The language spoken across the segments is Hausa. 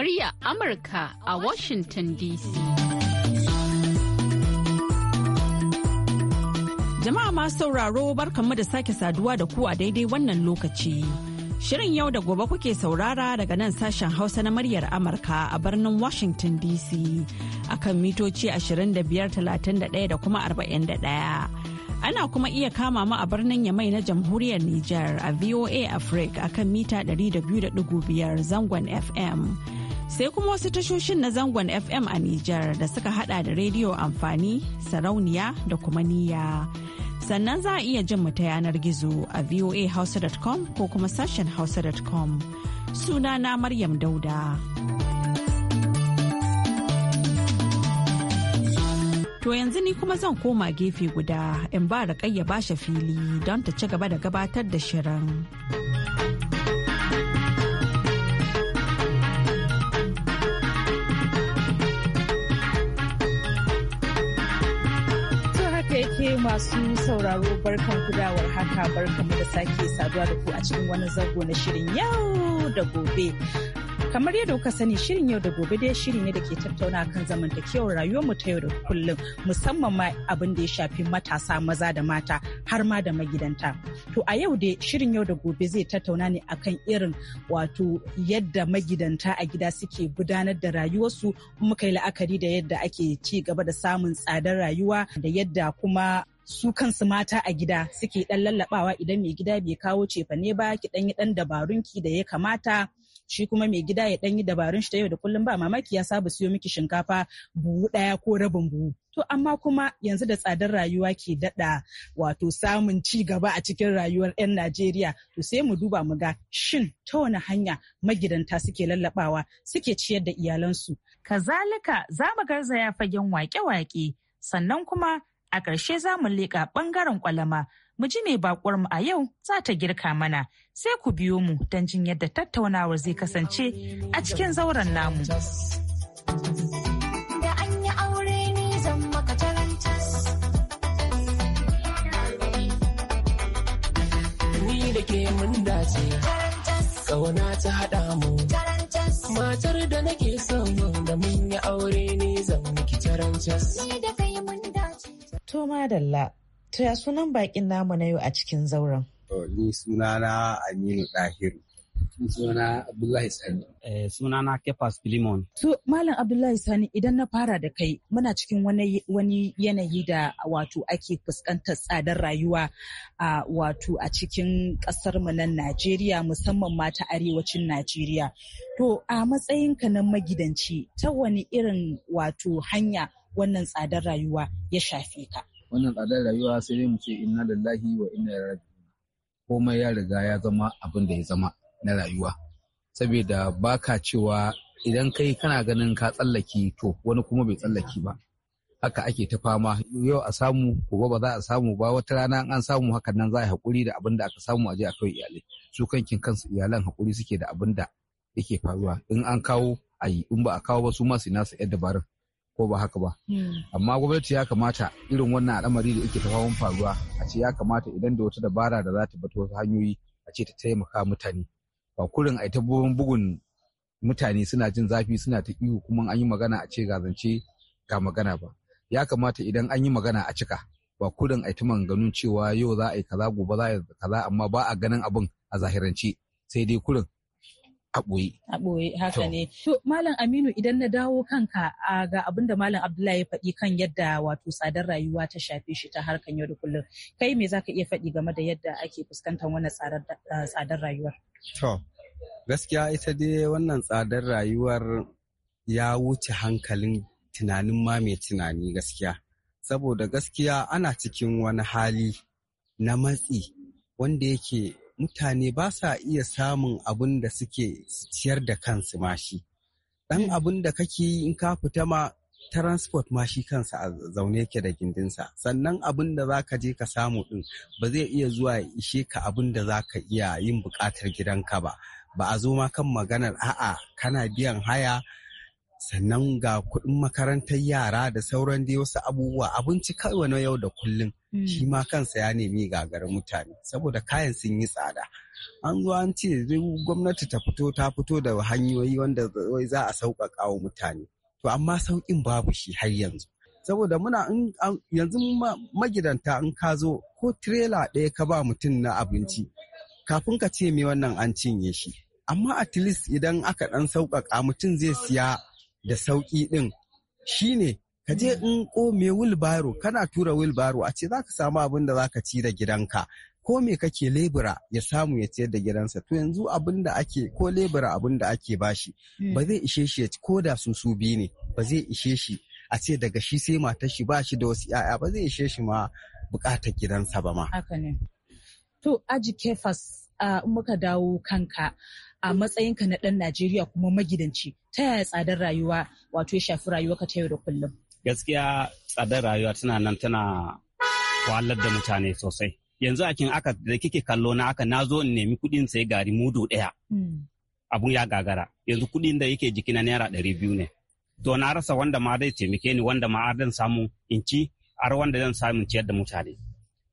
murya Amurka a Washington DC. Jama'a masu sauraro barkanmu da sake saduwa da ku a daidai wannan lokaci. Shirin yau da gobe kuke saurara daga nan sashen Hausa na muryar Amurka a birnin Washington DC akan mitoci 25,31 da kuma 41. Ana kuma iya kama mu a birnin Yamai na jamhuriyar Nijar a VOA Africa akan mita 200.5 zangon FM. Sai kuma wasu tashoshin na zangon FM a Nijar da suka hada da rediyo amfani, sarauniya da kuma niyya. Sannan za a iya jin mu ta yanar gizo a voahausa.com ko kuma sashen hausa.com. na Maryam Dauda. To yanzu ni kuma zan koma gefe guda in ba da ba bashe fili don ta ci gaba da gabatar da shirin. masu sauraro barkan kudawar haka barka da sake saduwa da ku a cikin wani zago na shirin yau da gobe Kamar yadda kuka sani shirin yau da gobe dai shiri ne da ke tattauna kan zamantakewar rayuwar mu ta yau da kullum musamman ma abin da ya shafi matasa maza da mata har ma da magidanta. To a yau dai shirin yau da gobe zai tattauna ne akan irin wato yadda magidanta a gida suke gudanar da rayuwarsu muka yi la'akari da yadda ake ci gaba da samun tsadar rayuwa da yadda kuma su kansu mata a gida suke dan lallabawa idan mai gida bai kawo cefane ba ki dan yi dan dabarun ki da ya kamata shi kuma mai gida ya ɗan yi dabarun shi ta yau da kullum ba mamaki ya saba siyo miki shinkafa buhu ɗaya ko rabin buhu To amma kuma yanzu da tsadar rayuwa ke daɗa wato samun ci gaba a cikin rayuwar 'yan Najeriya to sai mu duba mu ga shin ta wani hanya magidanta suke lallabawa suke ciyar da iyalansu. Kazalika za mu garzaya fagen wake-wake sannan kuma a ƙarshe za mu leƙa ɓangaren ƙwalama mu ji mai bakwar mu a yau za ta girka mana sai ku biyo mu don jin yadda tattaunawar zai kasance a cikin zauren namu. da ke mun dace. Kawana ta haɗa mu. Matar da nake son da mun yi aure ne zan miki tarantas. Ni da kai mun dace. Toma dalla. To ya sunan bakin namu na yau a cikin zauren? Ni sunana Aminu Dahiru. Sunana Abdullahi Sani. Eh, Suna na Kefas Filimon. To Malam Abdullahi Sani idan na fara da kai muna cikin wani yanayi da wato ake fuskantar tsadar rayuwa a wato a cikin ƙasar mu nan Najeriya musamman ma ta arewacin Najeriya. To a matsayin ka na magidanci ta wani irin wato hanya wannan tsadar rayuwa ya shafe ka? wannan tsadar rayuwa sai dai mu ce inna lillahi wa inna ilaihi komai ya riga ya zama abin da ya zama na rayuwa saboda baka cewa idan kai kana ganin ka tsallaki to wani kuma bai tsallaki ba haka ake ta fama yau a samu gobe ba za a samu ba wata rana an samu hakan nan za a haƙuri da abin da aka samu a je a kai iyalai su kankin kansu iyalan haƙuri suke da abin da yake faruwa in an kawo a yi in ba a kawo ba su ma su nasu yadda dabarun ko ba haka ba hmm. amma gwamnati ya kamata irin wannan al'amari da yake ta hawan faruwa a ce ya kamata idan da wata dabara da za ta bata wasu hanyoyi a ce ta taimaka mutane ba kurin a ta bugun mutane suna jin zafi suna ta ihu kuma an yi magana a ce ga zance ga magana ba ya kamata idan an yi magana a cika ba kurin a ta maganganun cewa yau za a yi kaza gobe za a yi kaza amma ba a ganin abin a zahirance sai dai kurin a ɓoye. A ɓoye haka ne. To Malam Aminu idan na dawo kanka ga abin da Malam Abdullahi ya faɗi kan yadda wato tsadar rayuwa ta shafe shi ta harkan yau da kullum. Kai me zaka iya faɗi game da yadda ake fuskantar wannan tsadar rayuwar? To gaskiya ita dai wannan tsadar rayuwar ya wuce hankalin tunanin ma mai tunani gaskiya. Saboda gaskiya ana cikin wani hali na matsi wanda yake mutane ba sa iya samun abin da suke ciyar da kansu mashi. Ɗan hmm. abin da kake yi in ka fita ma transport mashi kansa a zaune yake da gindinsa sannan abin da za ka je ka samu ɗin ba zai iya zuwa ya ishe ka abin da za ka iya yin buƙatar gidanka ba ba a zo ma kan maganar a'a kana biyan haya sannan ga kuɗin makarantar yara da sauran dai wasu abubuwa abinci kawai na yau da kullum hmm. shi ma kansa ya nemi gagarin mutane saboda kayan sun yi tsada an zo an ce gwamnati ta fito ta fito da hanyoyi wanda za a sauƙaƙa wa mutane to amma sauƙin babu shi har yanzu saboda muna yanzu magidanta in ka zo ko tirela ɗaya ka ba mutum na abinci kafin ka ce me wannan an cinye shi amma at least idan aka ɗan sauƙaƙa mutum zai siya da sauƙi ɗin Shi ne, ka je hmm. in ko me wilbaro kana tura wilbaro a ce za ka samu abin da za ka ci da gidanka ko me kake lebura ya samu ya ciyar da gidansa to yanzu abin da ake ko lebura abin da ake bashi hmm. ba zai ishe shi ya ci ko da su su biyu ne ba zai ishe shi a ce daga shi sai matar shi ba shi da wasu 'ya'ya ba zai ishe shi ma bukatar gidansa ba ma. Haka ne. To aji kefas muka dawo kanka a matsayinka na ɗan Najeriya kuma magidanci ta yaya tsadar rayuwa wato ya shafi rayuwarka ta yau da kullum? Gaskiya tsadar rayuwa tana nan tana wahalar da mutane sosai. Yanzu akin aka da kike kallo na aka nazo in nemi kuɗin sai gari mudu ɗaya. Hmm. Abun ya gagara. Yanzu kuɗin da yake jiki na naira ɗari biyu ne. To na rasa wanda ma zai taimake ni wanda ma har samu in ci har wanda zan samu ciyar da mutane.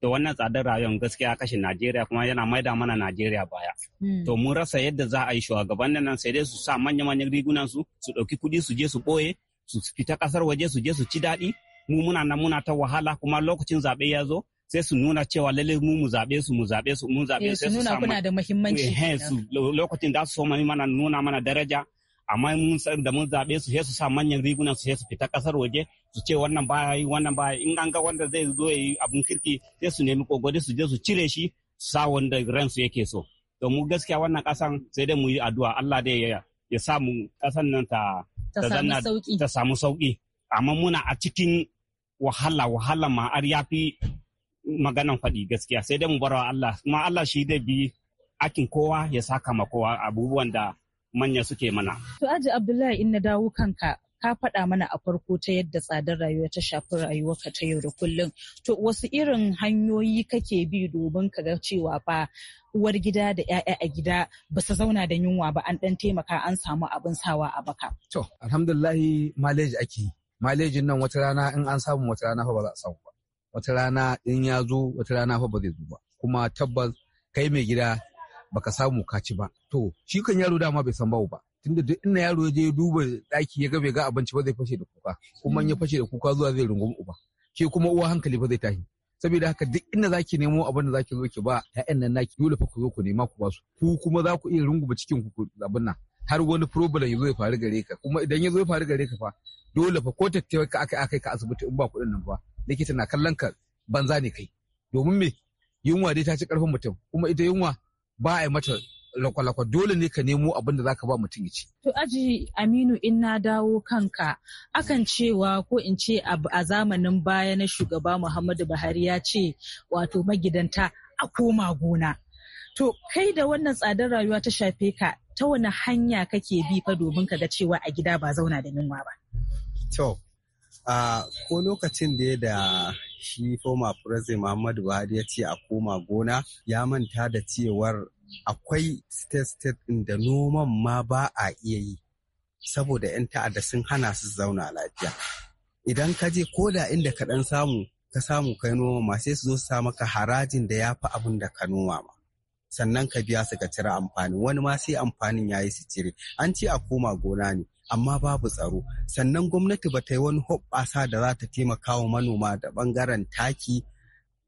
To wannan tsadar rayuwar gaskiya kashe Najeriya kuma yana maida mana Najeriya baya. Hmm. To mun rasa yadda za a yi shugabannin nan sai dai su sa manya-manyan rigunan su su ɗauki kuɗi su je su ɓoye su fita ƙasar waje su je su ci daɗi mu muna nan muna ta wahala kuma lokacin zaɓe ya zo sai su nuna cewa lalle mu mu zaɓe su mu zaɓe su mu zaɓe eh, sai su nuna kuna da muhimmanci. Eh, lokacin da su so mana nuna mana daraja amma mun san da mun zaɓe su sai su sa manyan riguna su sai su fita ƙasar waje su ce wannan baya yi wannan baya in an ga wanda zai zo ya yi abun kirki sai su nemi kogode su je su cire shi sa wanda ransu yake so to mu gaskiya wannan ƙasan sai dai mu yi addu'a Allah dai ya ya samu ƙasan nan ta ta samu sauki amma muna a cikin wahala wahala ma har ya fi maganan faɗi gaskiya sai dai mu bar wa Allah kuma Allah shi dai bi akin kowa ya saka ma kowa abubuwan da manya suke mana. To Aji Abdullahi in na dawo kanka ka faɗa mana a farko ta yadda tsadar rayuwa ta shafi rayuwarka ta yau da kullum. To wasu irin hanyoyi kake bi domin ka ga cewa fa uwar gida da 'ya'ya a gida ba su zauna da yunwa ba an ɗan taimaka an samu abin sawa a baka. To alhamdulillahi maleji ake Malejin nan wata rana in an samu wata rana fa ba za a samu ba. Wata rana in ya zo wata rana fa ba zai zo ba. Kuma tabbas kai mai gida baka samu ka ci ba to shi kan yaro dama bai san bawo ba tunda duk ina yaro ya je duba daki ya ga bai ga abinci ba zai fashe da kuka kuma ya fashe da kuka zuwa zai rungumi uba ke kuma uwa hankali ba zai tashi saboda haka duk inda zaki nemo abin da zaki zo ki ba ƴaƴan nan naki dole fa ku zo ku nema ku ba su ku kuma za ku iya rungume cikin ku abin nan har wani problem ya zo ya faru gare ka kuma idan ya zo ya faru gare ka fa dole fa ko tattawar ka aka aka ka asibiti in ba kuɗin nan ba. likita na kallon ka banza ne kai domin me yunwa dai ta ci karfin mutum kuma ita yunwa ba a yi mata lakwalakwa dole ne ka nemo abin da ka ba mutum ya ci. To aji Aminu in na dawo kanka akan cewa ko in ce a zamanin baya na shugaba Muhammadu Buhari ya ce wato magidanta a koma gona. To kai da wannan tsadar rayuwa ta shafe ka ta wani hanya kake bi fa domin ka ga cewa a gida ba zauna da yunwa ba. To ko lokacin da ya da shi former president muhammadu buhari ya ce a koma gona ya manta da cewar akwai state state ɗin da noman ma ba a iya yi saboda 'yan ta'adda sun hana su zauna lafiya idan ka je ko da inda ka ɗan samu ka samu kai noma ma sai su zo su sa maka harajin da ya fi abin da ka noma ma sannan ka biya su ka cire amfani wani ma sai amfanin ya yi su cire an ce a koma gona ne amma babu tsaro sannan gwamnati ba ta yi wani hoɓɓasa da za ta taimaka wa manoma da ɓangaren taki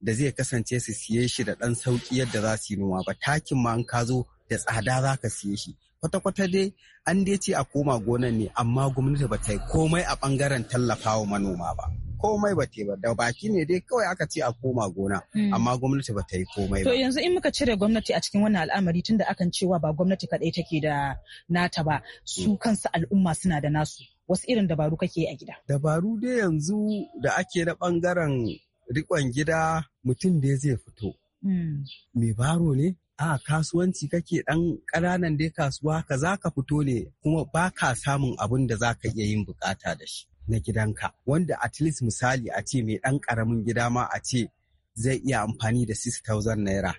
da zai kasance su siye shi da ɗan sauƙi yadda za su yi noma ba takin ma an ka zo da tsada za ka siye shi kwata-kwata dai an dai ce a koma gonan ne amma gwamnati ba ta yi komai a ɓangaren tallafa wa manoma ba. komai ba ta ba da baki ne dai kawai aka ce a koma gona hmm. amma gwamnati ba ta yi komai ba. To yanzu in muka cire gwamnati a cikin wannan al'amari tunda akan cewa ba gwamnati kaɗai take da nata ba su hmm. kansu al'umma suna da nasu wasu irin dabaru kake a gida. Dabaru dai yanzu da ake na bangaren rikon gida mutum da zai fito. Hmm. Me baro ne? a kasuwanci kake ɗan ƙananan dai kasuwa ka za ka fito ne kuma ba ka samun abin da za ka iya yin bukata da shi. na gidanka wanda at least misali a ce mai ɗan karamin gida ma a ce zai iya amfani da 6,000 naira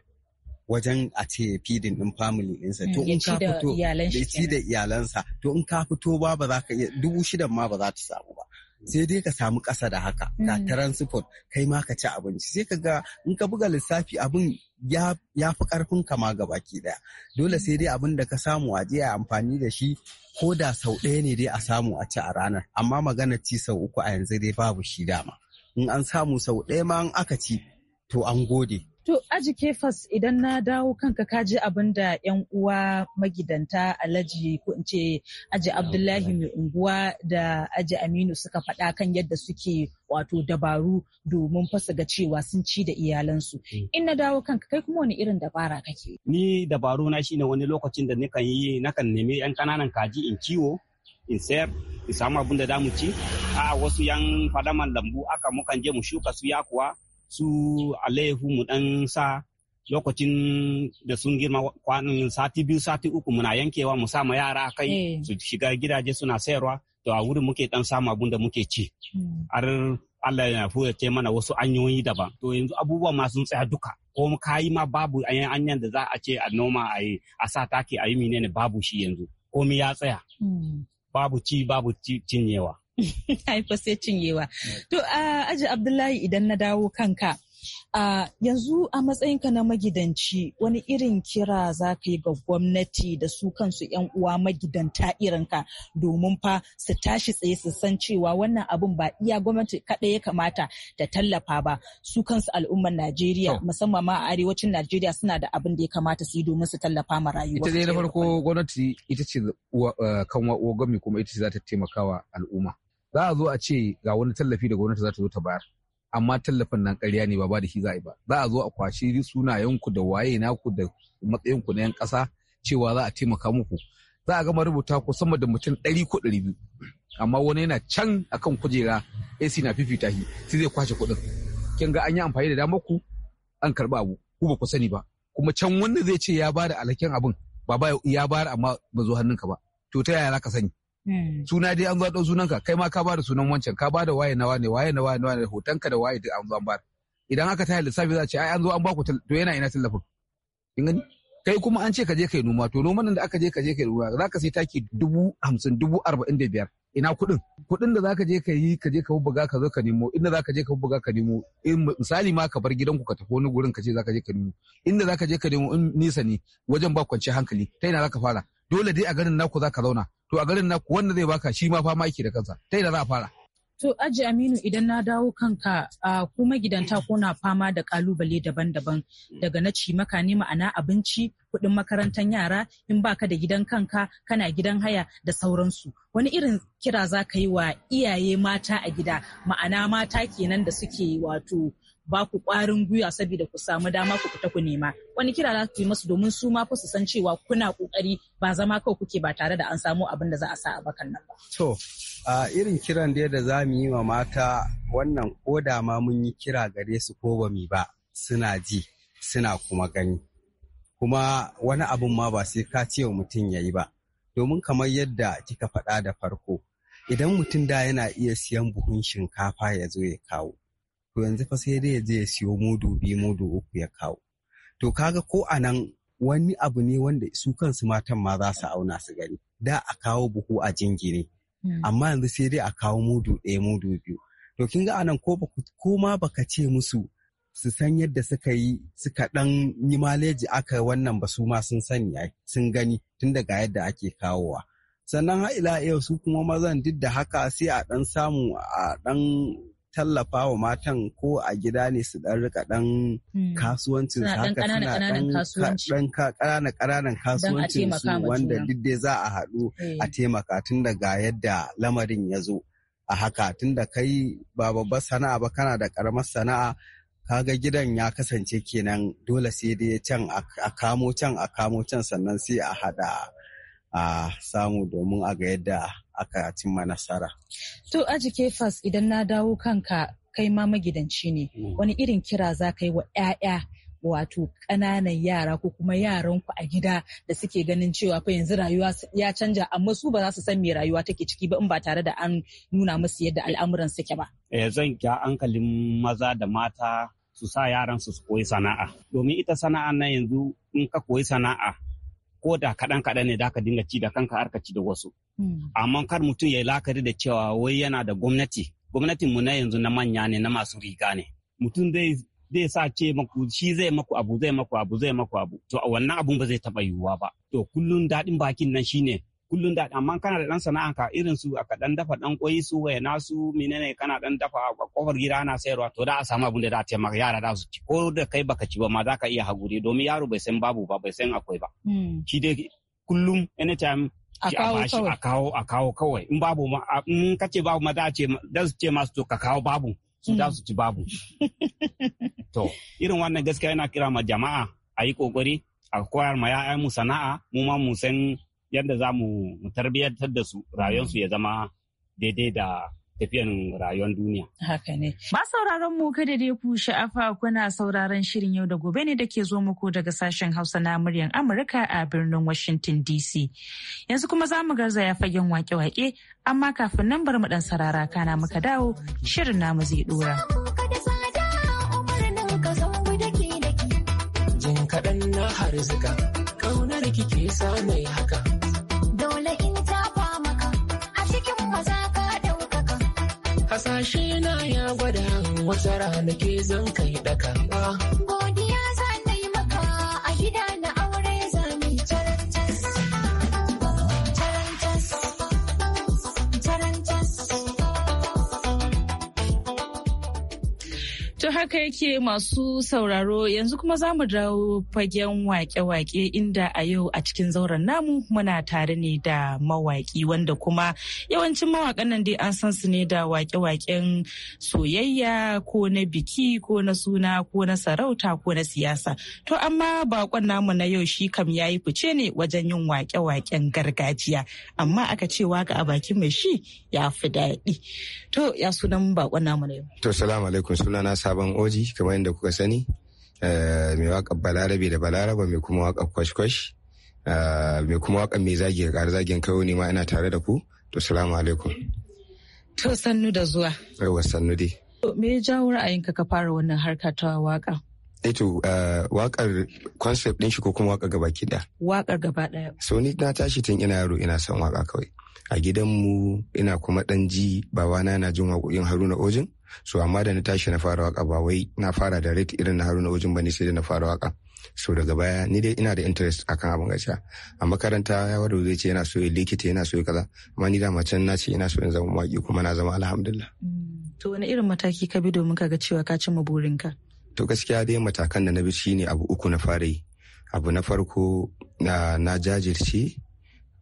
wajen a ce feeding din family ɗinsa. Mm, to in ka fito da ci da iyalansa to in ka fito ba ba za ka iya dubu shidan ma ba za ta samu ba. Sai dai ka samu ƙasa da haka da mm. transport kai ma ka ci abinci sai ka ga in ka buga lissafi abin ya fi karfin kama baki daya dole sai dai abin da ka samu a je a amfani da shi ko da sau ɗaya ne dai a samu a ci a ranar amma magana ci sau uku a yanzu dai babu shi dama in an samu sau ɗaya ma an aka ci to an gode To aji kefas idan na dawo kanka kaji abin da 'yan uwa magidanta alhaji ko in ce aji Abdullahi mai unguwa da aji Aminu suka faɗa kan yadda suke wato dabaru domin fasa ga cewa sun ci da iyalansu. Hmm. In na dawo kanka kai kuma wani irin dabara kake? Ni dabaru na shine wani lokacin da nakan yi nakan nemi 'yan kananan kaji in kiwo in sayar in samu abin da damu ci a wasu yan fadaman lambu aka mukan je mu shuka su kuwa su alayyahu mu dan sa lokacin da sun girma kwanan sati biyu sati uku muna yankewa mu sama yara kai eh. su shiga gidaje suna sayarwa to a wurin muke dan samu abun da muke ci hmm. har Allah ya ce mana wasu anyoyi daban to yanzu abubuwa ma sun tsaya duka ko kayi ma babu anyan da za a ce a noma a yi a sa take a yi menene babu shi yanzu komi ya tsaya hmm. babu ci babu cinyewa haifa sai cinyewa. To aji Abdullahi idan na dawo kanka. yanzu a matsayinka na magidanci wani irin kira za ka yi ga gwamnati da su kansu 'yan uwa magidanta irinka domin fa su tashi tsaye su san cewa wannan abin ba iya gwamnati kaɗai ya kamata ta tallafa ba su kansu al'ummar Najeriya musamman ma a arewacin Najeriya suna da abin da ya kamata su yi domin su tallafa ma rayuwa. Ita na farko gwamnati ita ce eh, kanwa uwa gwami kuma ita ce za ta taimakawa al'umma. za a zo a ce ga wani tallafi da gwamnati za ta zo ta bayar amma tallafin nan ƙarya ne ba ba da shi za a yi ba za a zo a kwashi sunayenku da waye naku da matsayinku na 'yan ƙasa cewa za a taimaka muku za a gama rubuta ku sama da mutum ɗari ko ɗari biyu amma wani yana can akan kujera ac na fifita shi sai zai kwashe kuɗin kin ga an yi amfani da damar ku an karɓi abu ku ba ku sani ba kuma can wanda zai ce ya ba da alhakin abin ba ya bayar amma ba zo hannunka ba to ta yaya za ka sani Hmm. suna dai an zo ɗau sunanka kai ma ka bada sunan wancan ka bada waye na wane waye na waye wane hotonka da waye duk an zo an bada idan aka taya lissafi za a ce ai an zo an baku to yana ina tallafin kin gani kai kuma an ce ka je kai noma to noman da aka je ka je kai noma za ka sai taki dubu hamsin dubu arba'in da biyar ina kuɗin kuɗin da za ka je ka yi ka je ka buga ka zo ka nemo inda za ka je ka buga ka nemo misali ma ka bar gidanku ka tafi wani gurin ka ce za ka je ka nemo inda za ka je ka nemo in nisa ne wajen ba kwanciyar hankali ta ina za ka fara dole dai a garin naku za ka zauna to a garin naku wanda zai baka shi ma fama yake da kansa ta ina za a fara To Aji Aminu idan na dawo kanka a kuma gidanta ko na fama da kalubale daban-daban daga na ci maka ne ma'ana abinci kuɗin makarantar yara in baka da gidan kanka kana gidan haya da sauransu wani irin kira za ka yi wa iyaye mata a gida ma'ana mata kenan da suke wato ba ku ƙwarin gwiwa saboda ku samu dama ku fita ku nema wani kira za ku yi masu domin su ma su san cewa kuna ƙoƙari ba zama kawai kuke ba tare da an samu abin da za a sa a bakan nan ba. a irin kiran dai da za mu yi wa mata wannan ko da ma mun yi kira gare su ko ba mi ba suna ji suna kuma gani kuma wani abun ma ba sai ka ce wa mutum ya yi ba domin kamar yadda kika faɗa da farko idan mutum da yana iya siyan buhun shinkafa ya zo ya kawo to yanzu fa sai dai ya je ya siyo mudu biyu mudu uku ya kawo to kaga ko anan wani abu ne wanda su kansu matan ma za su auna su gani da a kawo buhu a jingine Hmm. amma yanzu sai dai a kawo mudu ɗaya mudu biyu to kin ga anan ko kuma baka ce musu su san yadda suka yi suka ɗan yi maleji aka wannan ba su ma sun sani sun gani tun daga yadda ake kawowa sannan haila ila yau su kuma mazan duk da haka sai a ɗan samu a ɗan tallafa wa matan ko a gida ne su dan rika dan hmm. kasuwancin haka suna dan ƙananan ƙananan kasuwancin wanda duk dai za a haɗu a eh. taimaka tun daga yadda lamarin ya zo a haka tun da kai ba babbar sana'a ba kana da ƙaramar sana'a kaga gidan ya kasance kenan dole sai dai can a kamo can a kamo can sannan sai a haɗa a samu domin a ga yadda aka cimma nasara. To ajike fas idan na dawo kanka kai ma magidanci ne mm. wani irin kira za ka yi wa 'ya'ya wato ƙananan yara ko kuma yaranku a gida da suke ganin cewa fa yanzu rayuwa ya canja amma su ba za su san me rayuwa take ciki ba in ba tare da an nuna musu yadda al'amuran suke ba. Eh zan kya hankalin maza da mata su sa yaran su koyi sana'a domin ita sana'a na yanzu in ka koyi sana'a ko da kaɗan kaɗan ne da ka dinga ci da kanka har ka ci da wasu. Hmm. Amma kar mutum ya yi lakari da cewa wai yana da gwamnati, gwamnatin mu na yanzu na manya ne na masu riga ne. Mutum zai zai sa ce maku shi zai maku abu zai maku abu zai maku abu to a wannan abun ba zai taɓa yiwuwa ba. To kullum daɗin bakin nan shine kullum da amma kana da dan sana'anka irin su aka dan dafa dan koyi su na su menene kana dan dafa a kofar gida ana sayarwa to da a samu abin da za ta maka yara da su ci ko da kai baka ci ba ma za ka iya haguri domin yaro bai san babu ba bai san akwai ba hmm. shi dai kullum anytime a kawo a kawo kawai in babu ma in ce babu ma za su ce masu to ka kawo babu su da hmm. su ci babu to irin wannan gaskiya yana kira ma jama'a a yi kokari a koyar ma ya'ya mu sana'a mu ma mu san yadda za mu tarbiyyantar da su rayuwarsu mm. ya zama daidai da tafiyan rayuwar duniya. Haka ne. Ba sauraron mu kada dai ku sha'afa kuna sauraron shirin yau da gobe ne da ke zo muku daga sashen Hausa na muryar Amurka a birnin Washington DC. Yanzu kuma za mu garzaya fagen wake-wake amma kafin nan bar mu dan sarara kana muka dawo shirin namu zai dora. Jin kaɗan na harzuka, ƙaunar kike sa mai haka. Hasashe na ya gwada wata ranake zan kai daka. Godiya. haka yake masu sauraro yanzu kuma za mu dawo fagen wake-wake inda a yau a cikin zauren namu muna tare ne da mawaki wanda kuma yawancin mawakan nan dai an san su ne da wake-waken soyayya ko na biki ko na suna ko na sarauta ko na siyasa. To amma bakon namu na yau shi kam ya yi fice ne wajen yin wake-waken gargajiya amma aka ce waka a bakin mai shi ya fi daɗi. To ya sunan bakon namu na yau. To salamu alaikum sunana sabon dan oji kamar yadda kuka sani eh, mai waƙa balarabe da balaraba mai kuma waƙar kwashkwash eh, mai kuma waƙa mai zagi ga zagin kawo ne ma ina tare da ku to salamu alaikum to sannu da zuwa yawa sannu dai me ya jawo ra'ayinka ka fara wannan harka ta waƙa Eto eh to wakar concept din shi ko kuma waƙa gaba ɗaya. Wakar gaba ɗaya. So ni na tashi tun ina yaro ina son waka kawai. A gidanmu ina kuma ɗan ji babana na jin waƙoƙin Haruna Ojin. so amma da na tashi na fara waka ba wai na fara da rate irin na haruna wajen bane sai da na fara waka so daga baya ni dai ina da interest akan abin gaskiya a makaranta ya wada zai ce yana so ya likita yana so ya kaza amma ni da macen na ce ina so in zama mawaki kuma na zama alhamdulillah mm. to wani irin mataki ka bi domin ka ga cewa ka cimma burinka to gaskiya dai matakan da na bi shine abu uku na fara yi abu na farko na jajirce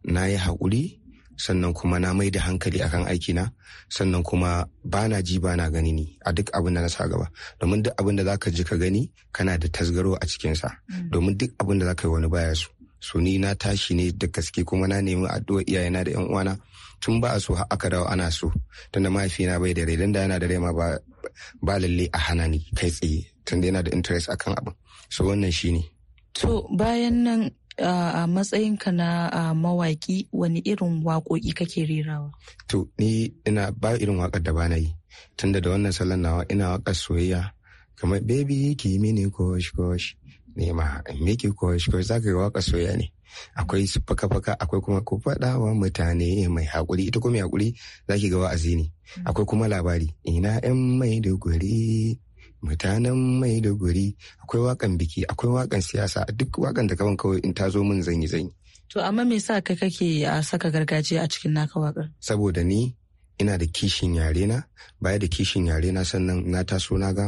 na yi hakuri. sannan kuma na mai da hankali akan aiki na sannan kuma ba na ji ba na gani ni a duk abin da na sa gaba domin duk abin da za ka ji ka gani kana da tasgaro a cikinsa mm. domin duk abin da za ka yi wani baya su so ni na tashi ne da gaske kuma na nemi addu'a iyayena da yan uwana tun ba a so har aka dawo ana so tunda mahaifina bai da rai dan da yana da rai ma ba ba lalle a hana ni kai tsaye tunda yana da interest akan abin so wannan shine To bayan nan a matsayinka na mawaki wani irin waƙoƙi kake rerawa? To, ni ina ba irin waƙar da ba yi. Tunda da wannan salon nawa ina waƙar soyayya kamar baby ki mini kosh kosh ne ma miki kosh kosh za ka ga waƙar soyayya ne. Akwai su faka faka akwai kuma ku faɗa wa mutane mai haƙuri ita kuma mai haƙuri za ki ga wa'azi ne. Akwai kuma labari ina 'yan mai dogori mutanen mai da maiduguri akwai wakan biki akwai wakan siyasa duk wakan da kawan kawai in ta zo min zanyi zanyi to amma me sa kai kake a saka gargajiya a cikin naka wakar saboda ni ina da kishin yare na baya da kishin yare na sannan na taso na ga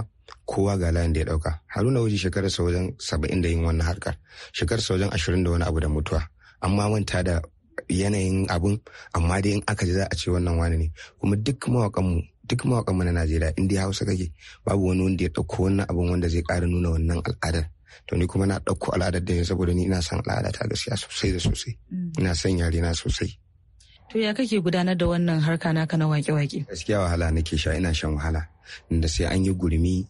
kowa ga layin da ya dauka haruna waje sa wajen saba'in da yin wannan harkar sa wajen ashirin da wani abu da mutuwa amma manta da yanayin abun amma dai in aka ji za a ce wannan wani ne kuma duk mawakanmu duk mawakanmu na najeriya in dai hausa kake babu wani wanda ya ɗauko wannan abun wanda zai ƙara nuna wannan al'adar to ni kuma na ɗauko al'adar da ne saboda ni ina son al'ada ta gaskiya sosai da sosai mm. ina son yare na sosai to ya kake gudanar da wannan harka naka na wake-wake gaskiya wahala ke sha ina shan wahala inda sai an yi gurmi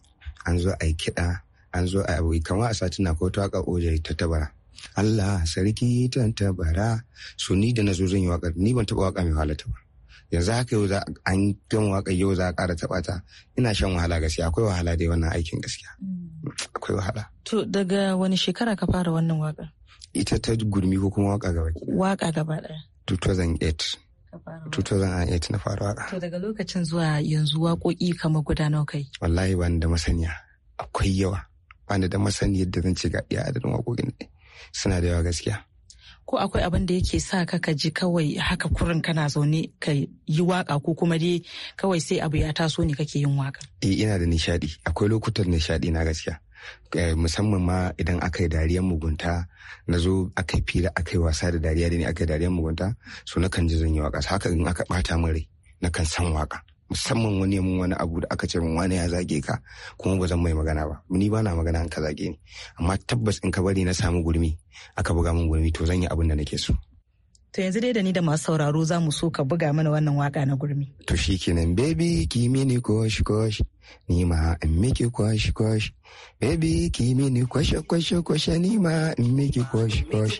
an zo a yi kiɗa an zo a yi kamar a satina ko ta ka oje ta tabara Allah sarki tantabara su ni da na zo zan yi waƙar ni ban taɓa waƙa mai wahala ta ba yanzu haka yau za an gama waƙa yau za a ƙara taɓa ta ina shan wahala gaskiya akwai wahala dai wannan aikin gaskiya mm. akwai wahala. To daga wani shekara ka fara wannan waƙa. Ita ta gurmi ko kuma waƙa gaba. Waƙa gaba ɗaya. 2008. 2008 na fara waƙa. To daga lokacin zuwa yanzu waƙoƙi kamar guda nawa kai? Wallahi bani da masaniya akwai yawa bani da masaniyar da zan ce ga iya adadin waƙoƙin suna da yawa gaskiya. ko akwai abin da yake sa ka ka ji kawai haka kurin kana zaune ka yi waka ko kuma dai kawai sai abu ya taso ne kake yin waka eh ina da nishadi akwai lokutan nishadi na gaskiya eh, musamman ma idan aka yi dariyar mugunta na zo aka yi fira aka yi wasa da dariya da ne aka yi dariyar mugunta so na kan ji zan yi waka haka in aka bata min rai na kan san waka musamman wani mun wani abu da aka ce min wani ya zage ka kuma ba zan mai magana ba ni ba na magana an ka zage ni amma tabbas in ka bari na samu gurmi aka buga min gurmi to zan yi abin da nake so To yanzu dai da ni da masu sauraro za mu so ka buga mana wannan waka na gurmi. To shi nan baby ki mini kosh kosh ni ma in miki kosh kosh baby ki mini kosh kosh kosh ni ma in miki kosh kosh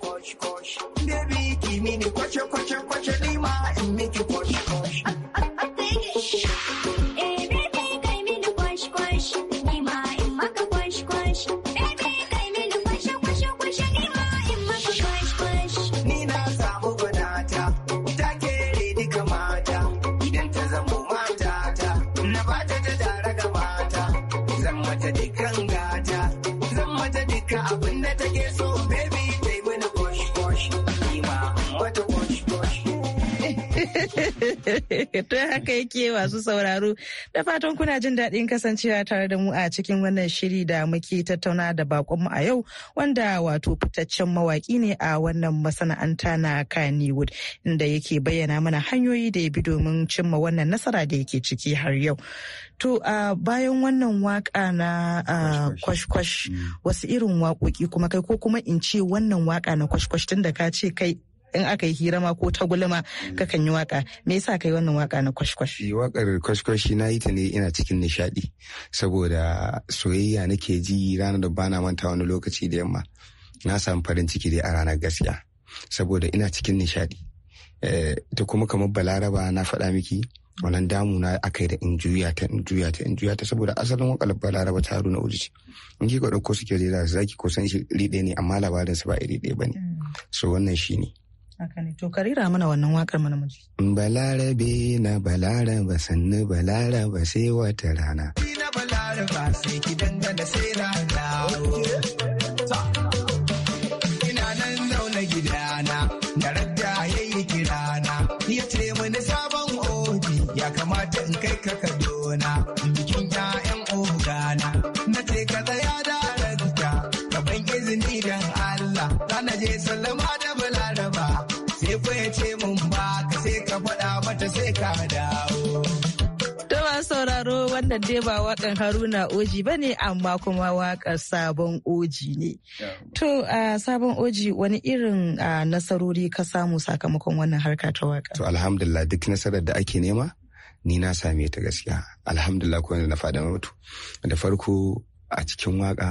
baby ki mini kosh kosh kosh ni ma in miki kosh To haka yake masu sauraro. Da fatan kuna jin daɗin kasancewa tare da mu a cikin wannan shiri da muke tattauna da bakonmu a yau wanda wato fitaccen mawaki ne a wannan masana'anta na Kannywood inda yake bayyana mana hanyoyi da ya bi domin cimma wannan nasara da yake ciki har yau. To a bayan wannan waka na kwashkwash mm. wasu irin waƙoƙi kuma kai ko kuma in ce wannan waka na kwashkwash tun da ka ce kai in aka yi hira ma ko ta gulma kakan yi waka me yasa kai wannan waka na kwashkwash eh, wakar kwashkwash na yi ta ne ina cikin nishadi saboda soyayya nake ji ranar da bana manta wani lokaci da yamma na samu farin ciki dai a ranar gaskiya saboda ina cikin nishadi Ta eh, kuma kamar balaraba na faɗa miki wannan damuna na akai da in juya ta in juya ta in juya ta saboda asalin wakar balaraba ta haruna uji in ki ko suke zai zaki ko san shi riɗe ne amma labarin su ba iri ɗaya ba ne mm. so wannan shi ne to karira mana wannan wakar mana muji balarabe na balaraba sannu balaraba sai wata rana na balaraba sai ki dangana sai rana ina nan zaune gidana na radda yayi kirana ya ce mani sabon obi ya kamata in kai ka kadona, bikin ya'yan ogana na ce ka tsaya da ka ban izini don Allah na je salama ka dawo. sauraro wannan dai ba wakan Haruna Oji ba ne amma kuma wakar sabon Oji ne. To sabon Oji wani irin nasarori ka samu sakamakon wannan harka ta waka To alhamdulillah duk nasarar da ake nema ni na same ta gaskiya. Alhamdulillah ko yanzu na faɗa mutu. Da farko a cikin waka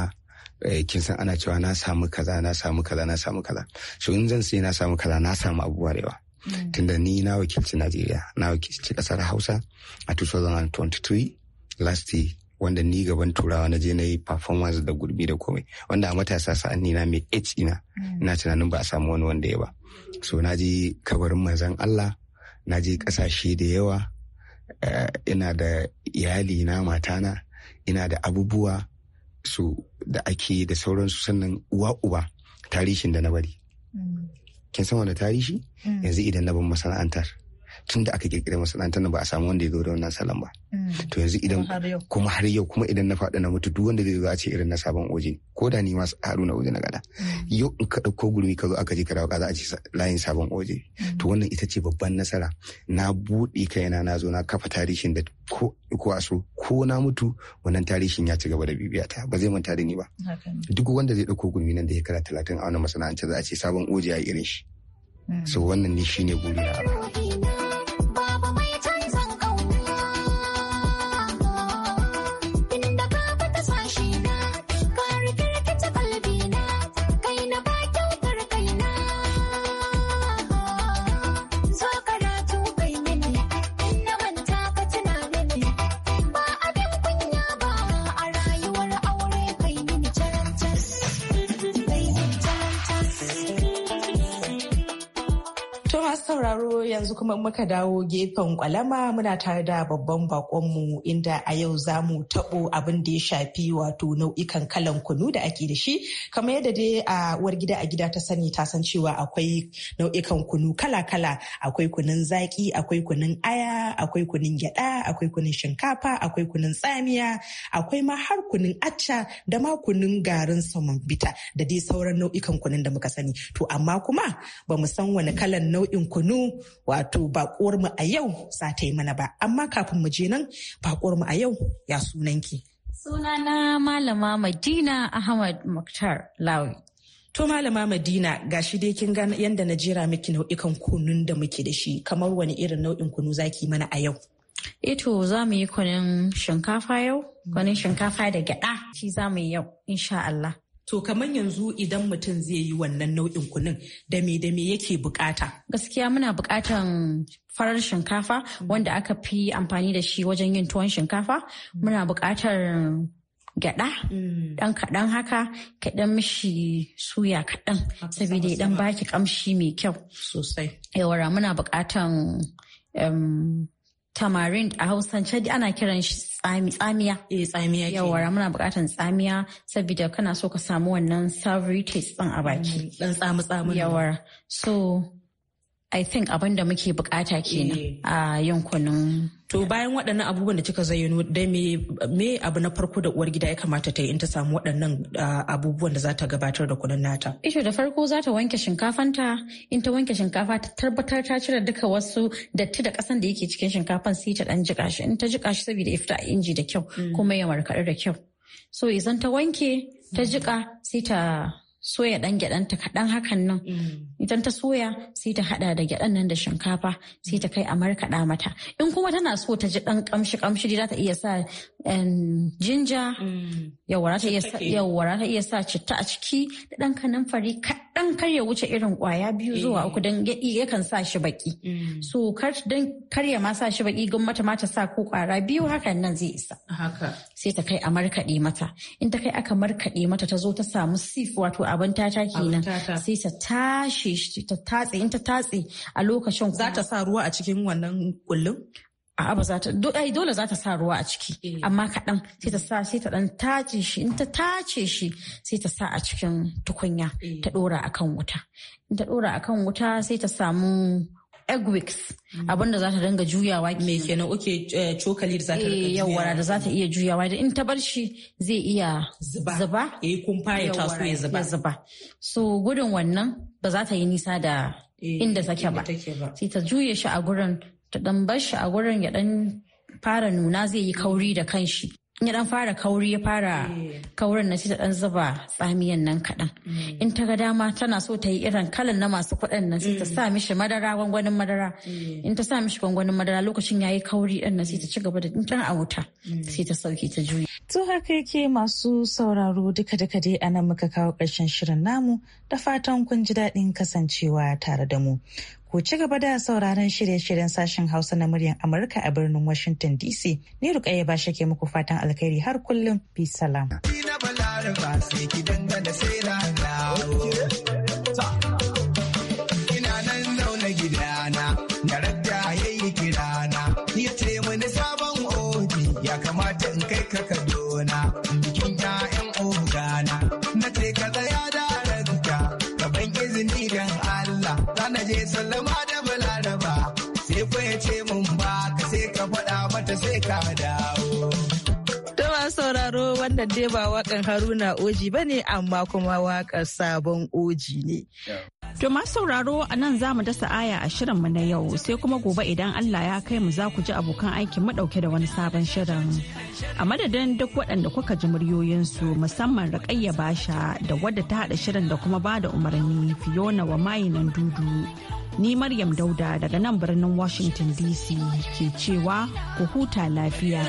eh, kin san ana cewa na samu kaza na samu kaza na samu kaza. So in zan sai na samu kaza na samu abubuwa da yawa. Mm. tunda ni na wakilci najeriya na wakilci kasar hausa a 2023 last year wanda ni gaban turawa na je na yi performance da gurbi da komai wanda a matasa sa'an na mai h ina mm. ina tunanin ba a samu wani wanda ya ba so na je kabarin manzan allah na je kasashe da yawa eh, ina da iyali na matana ina da abubuwa su da ake da sauransu sannan uwa uba tarihin da na bari mm. kin san wani tarihi hmm. yanzu idan na bin masana'antar tun da aka kirkira masana'antar ba a samu wanda ya da wannan salon ba mm. to yanzu idan kuma har yau kuma idan na faɗi na mutu duk wanda zai zo a ce irin na sabon oji ko da ni ma haruna oji na gada mm. yau in ka ɗauko gurmi ka zo aka je ka dawo za a ce layin sabon oji mm. to wannan ita ce babban nasara na buɗe kaina na zo na kafa tarihin da ko ko a so ko na mutu wannan tarihin ya ci gaba da bibiyata ba zai manta da ni ba duk wanda zai ɗauko gurmi nan da ya kara talatin a wannan masana'antar za a ce sabon oji ya yi irin shi so wannan ne shine na abu. kuma muka dawo gefen kwalama muna tare da babban bakonmu inda a yau za mu taɓo abin da ya shafi wato nau'ikan kalan kunu da ake da shi kamar yadda dai a uwar gida a gida ta sani ta san cewa akwai nau'ikan kunu kala-kala akwai kunun zaki akwai kunun aya akwai kunun gyada akwai kunun shinkafa akwai kunun tsamiya akwai ma har kunun acca da ma kunun garin saman bita da dai sauran nau'ikan kunun da muka sani to amma kuma ba mu san wani kalan nau'in kunu wato bakuwar mu a yau za ta yi mana ba amma kafin mu je nan bakuwar mu a yau ya sunanki sunana malama madina ahmad muktar lawi To malama Madina gashi dai kin ga yanda na jera miki nau'ikan kunun da muke da shi kamar wani irin nau'in kunu zaki mana a yau. Eto eh za mu yi kunun shinkafa yau, kunun shinkafa da gyada shi za mu yi yau insha Allah. To kamar yanzu idan mutum zai yi wannan nau'in kunun da me da me yake bukata. Gaskiya muna bukatan farar shinkafa wanda aka fi amfani da shi wajen yin tuwon shinkafa. Muna bukatar gyada dan mm. kaɗan haka dan mishi suya kaɗan saboda ya dan baki kamshi mai kyau. Sosai. Yawara muna bukatan tamarind a hausance ana kiran shi tsamiya eh, tsamiya yawara muna bukatan tsamiya saboda kana so ka samu wannan savory taste din a baki dan tsamu tsamu yawara so I think abin da muke bukata kenan eh. a yankunan. To bayan waɗannan abubuwan da kika zayyano dai me abu na farko da uwar gida ya kamata ta yi in ta samu waɗannan abubuwan da za ta gabatar da kudin nata? Isho da farko za ta wanke shinkafanta in ta wanke shinkafa ta tabbatar ta cire duka wasu datti da kasan da yake cikin shinkafan sai ta dan jiƙa shi in ta jiƙa shi saboda ya a inji da kyau mm. kuma ya markaɗe da kyau. So zan ta wanke ta jiƙa sai ta soya ɗan gyaɗan ta kaɗan hakan nan mm. idan ta soya sai ta haɗa da gyaɗan nan da shinkafa sai ta kai a markaɗa mata in kuma tana so ta ji ɗan kamshi kamshi za ta iya sa jinja mm. yawwa ta iya sa citta a ciki da ɗan kanamfari kaɗan kar ya wuce irin kwaya biyu zuwa eh. uku don yakan sa shi baki. Mm. So kar don kar ma sa shi baki gun mata mata sa ko ƙwara biyu hakan nan zai isa. Haka. Sai ta kai a markaɗe mata. In ta kai aka markaɗe mata ta zo ta samu sif wato abin ta kenan. Sai ta tashi ta tatse in ta tatse a lokacin. Za ta sa ruwa a cikin wannan kullum? a'a ba za ta ai dole za ta sa ruwa a ciki eh. amma kaɗan sai ta sa sai ta ɗan tace shi in ta tace shi sai ta sa a cikin tukunya eh. ta ɗora akan wuta in ta ɗora akan wuta sai ta samu egg wicks mm. abinda za ta dinga juyawa me kenan oke eh, cokali da za ta dinga juyawa da za ta iya juyawa da in ta bar shi zai iya zuba eh kumfa ya taso ya zuba so gudun wannan ba za ta yi nisa da inda take ba sai ta juye shi a gurin ta dan bar shi a gurin ya dan fara nuna zai yi kauri da kanshi in ya dan fara kauri ya fara eh. kaurin na ta dan zuba tsamiyan nan kaɗan mm. in ta ga dama tana so ta yi irin kalan na masu kuɗin nan sai ta mm. sa mishi madara gwangwanin madara mm. in ta sa mishi gwangwanin madara lokacin yayi kauri din nan sai ta ci gaba da in a wuta sai ta sauke ta juya to haka yake masu sauraro duka duka dai anan muka kawo karshen shirin namu da fatan kun ji daɗin kasancewa tare da mu Ku ci gaba da sauraron shirye-shiryen sashen Hausa na muryar Amurka a birnin Washington DC. Ni Rukayya ba ke muku fatan alkhairi har kullum. Peace salam. ne sallama da balaraba sai fa ya ce mun ba ka sai ka faɗa mata sai ka dawo wannan dai ba wakan Haruna Oji ba ne amma kuma wakar sabon Oji ne. To masu sauraro a nan za mu dasa aya a shirinmu na yau sai kuma gobe idan Allah ya kai mu za ku ji abokan aikin mu dauke da wani sabon shirin. A madadin duk waɗanda kuka ji muryoyinsu musamman Raƙayya Basha da wadda ta haɗa shirin da kuma ba da umarni Fiona wa mayinan dudu. Ni Maryam Dauda daga nan birnin Washington DC ke cewa ku huta lafiya.